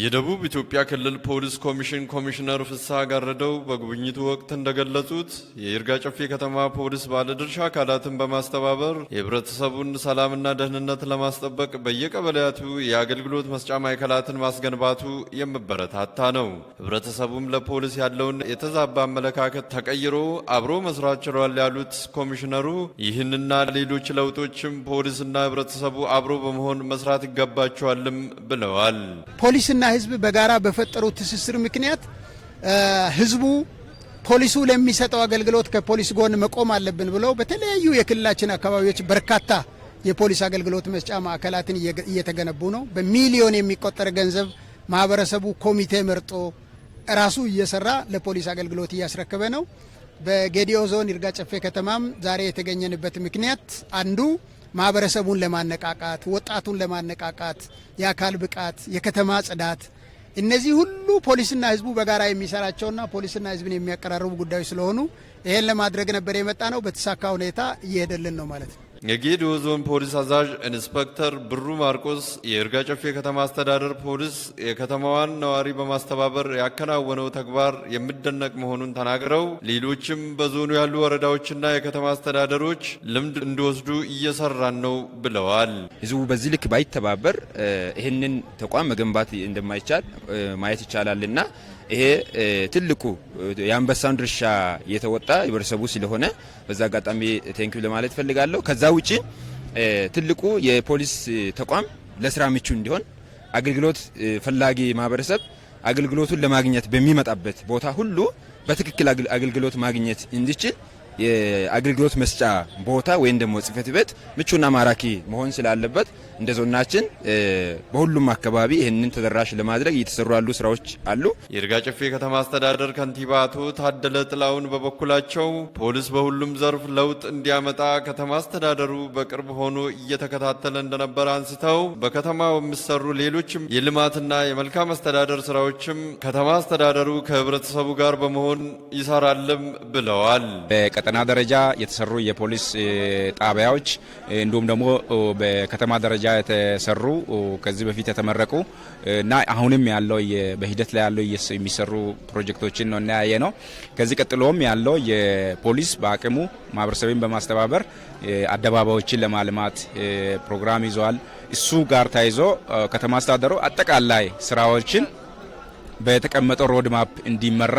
የደቡብ ኢትዮጵያ ክልል ፖሊስ ኮሚሽን ኮሚሽነር ፍስሐ ጋረደው በጉብኝቱ ወቅት እንደገለጹት የይርጋ ጨፌ ከተማ ፖሊስ ባለድርሻ አካላትን በማስተባበር የህብረተሰቡን ሰላምና ደህንነት ለማስጠበቅ በየቀበሌያቱ የአገልግሎት መስጫ ማዕከላትን ማስገንባቱ የሚበረታታ ነው። ህብረተሰቡም ለፖሊስ ያለውን የተዛባ አመለካከት ተቀይሮ አብሮ መስራት ችሏል ያሉት ኮሚሽነሩ ይህንና ሌሎች ለውጦችም ፖሊስና ህብረተሰቡ አብሮ በመሆን መስራት ይገባቸዋልም ብለዋል። መንግስትና ህዝብ በጋራ በፈጠሩ ትስስር ምክንያት ህዝቡ ፖሊሱ ለሚሰጠው አገልግሎት ከፖሊስ ጎን መቆም አለብን ብለው በተለያዩ የክልላችን አካባቢዎች በርካታ የፖሊስ አገልግሎት መስጫ ማዕከላትን እየተገነቡ ነው። በሚሊዮን የሚቆጠር ገንዘብ ማህበረሰቡ ኮሚቴ መርጦ ራሱ እየሰራ ለፖሊስ አገልግሎት እያስረከበ ነው። በጌዲኦ ዞን ይርጋ ጨፌ ከተማም ዛሬ የተገኘንበት ምክንያት አንዱ ማህበረሰቡን ለማነቃቃት፣ ወጣቱን ለማነቃቃት፣ የአካል ብቃት፣ የከተማ ጽዳት፣ እነዚህ ሁሉ ፖሊስና ህዝቡ በጋራ የሚሰራቸውና ፖሊስና ህዝብን የሚያቀራርቡ ጉዳዮች ስለሆኑ ይህን ለማድረግ ነበር የመጣ ነው። በተሳካ ሁኔታ እየሄደልን ነው ማለት ነው። የጌዲዮ ዞን ፖሊስ አዛዥ ኢንስፔክተር ብሩ ማርቆስ የይርጋ ጨፌ ከተማ አስተዳደር ፖሊስ የከተማዋን ነዋሪ በማስተባበር ያከናወነው ተግባር የሚደነቅ መሆኑን ተናግረው ሌሎችም በዞኑ ያሉ ወረዳዎችና የከተማ አስተዳደሮች ልምድ እንዲወስዱ እየሰራን ነው ብለዋል። ህዝቡ በዚህ ልክ ባይተባበር ይህንን ተቋም መገንባት እንደማይቻል ማየት ይቻላልና ይሄ ትልቁ የአንበሳን ድርሻ የተወጣ ህብረተሰቡ ስለሆነ በዛ አጋጣሚ ቴንኪው ለማለት ፈልጋለሁ። ከዛ ውጪ ትልቁ የፖሊስ ተቋም ለስራ ምቹ እንዲሆን አገልግሎት ፈላጊ ማህበረሰብ አገልግሎቱን ለማግኘት በሚመጣበት ቦታ ሁሉ በትክክል አገልግሎት ማግኘት እንዲችል የአገልግሎት መስጫ ቦታ ወይም ደግሞ ጽህፈት ቤት ምቹና ማራኪ መሆን ስላለበት እንደ ዞናችን በሁሉም አካባቢ ይህንን ተደራሽ ለማድረግ እየተሰሩ ያሉ ስራዎች አሉ። የይርጋ ጨፌ ከተማ አስተዳደር ከንቲባ አቶ ታደለ ጥላውን በበኩላቸው ፖሊስ በሁሉም ዘርፍ ለውጥ እንዲያመጣ ከተማ አስተዳደሩ በቅርብ ሆኖ እየተከታተለ እንደነበረ አንስተው በከተማ የሚሰሩ ሌሎችም የልማትና የመልካም አስተዳደር ስራዎችም ከተማ አስተዳደሩ ከህብረተሰቡ ጋር በመሆን ይሰራልም ብለዋል። በቀጠና ደረጃ የተሰሩ የፖሊስ ጣቢያዎች እንዲሁም ደግሞ በከተማ ደረጃ የተሰሩ ከዚህ በፊት የተመረቁ እና አሁንም ያለው በሂደት ላይ ያለው የሚሰሩ ፕሮጀክቶችን ነው እናያየ ነው። ከዚህ ቀጥሎም ያለው የፖሊስ በአቅሙ ማህበረሰብን በማስተባበር አደባባዮችን ለማልማት ፕሮግራም ይዘዋል። እሱ ጋር ተያይዞ ከተማ አስተዳደሩ አጠቃላይ ስራዎችን በተቀመጠው ሮድማፕ እንዲመራ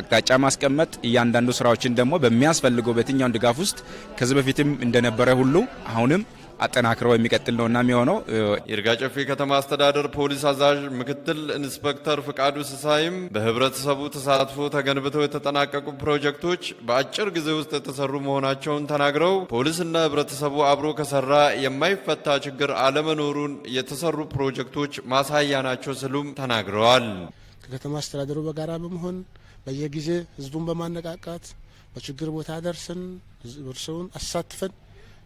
አቅጣጫ ማስቀመጥ፣ እያንዳንዱ ስራዎችን ደግሞ በሚያስፈልገው በየትኛውን ድጋፍ ውስጥ ከዚህ በፊትም እንደነበረ ሁሉ አሁንም አጠናክረው የሚቀጥል ነውና የሚሆነው ይርጋ ጨፌ ከተማ አስተዳደር ፖሊስ አዛዥ ምክትል ኢንስፔክተር ፍቃዱ ስሳይም በህብረተሰቡ ተሳትፎ ተገንብተው የተጠናቀቁ ፕሮጀክቶች በአጭር ጊዜ ውስጥ የተሰሩ መሆናቸውን ተናግረው ፖሊስና ህብረተሰቡ አብሮ ከሰራ የማይፈታ ችግር አለመኖሩን የተሰሩ ፕሮጀክቶች ማሳያ ናቸው ሲሉም ተናግረዋል። ከከተማ አስተዳደሩ በጋራ በመሆን በየጊዜ ህዝቡን በማነቃቃት በችግር ቦታ ደርስን ህብረተሰቡን አሳትፈን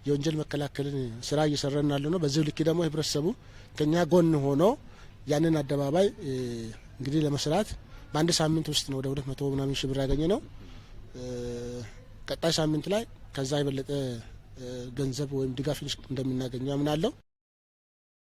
የወንጀል መከላከልን ስራ እየሰራን ያለ ነው። በዚህ ልክ ደግሞ ህብረተሰቡ ከኛ ጎን ሆኖ ያንን አደባባይ እንግዲህ ለመስራት በአንድ ሳምንት ውስጥ ነው ወደ ሁለት መቶ ምናምን ሺህ ብር ያገኘ ነው። ቀጣይ ሳምንት ላይ ከዛ የበለጠ ገንዘብ ወይም ድጋፍ እንደምናገኘ አምናለሁ።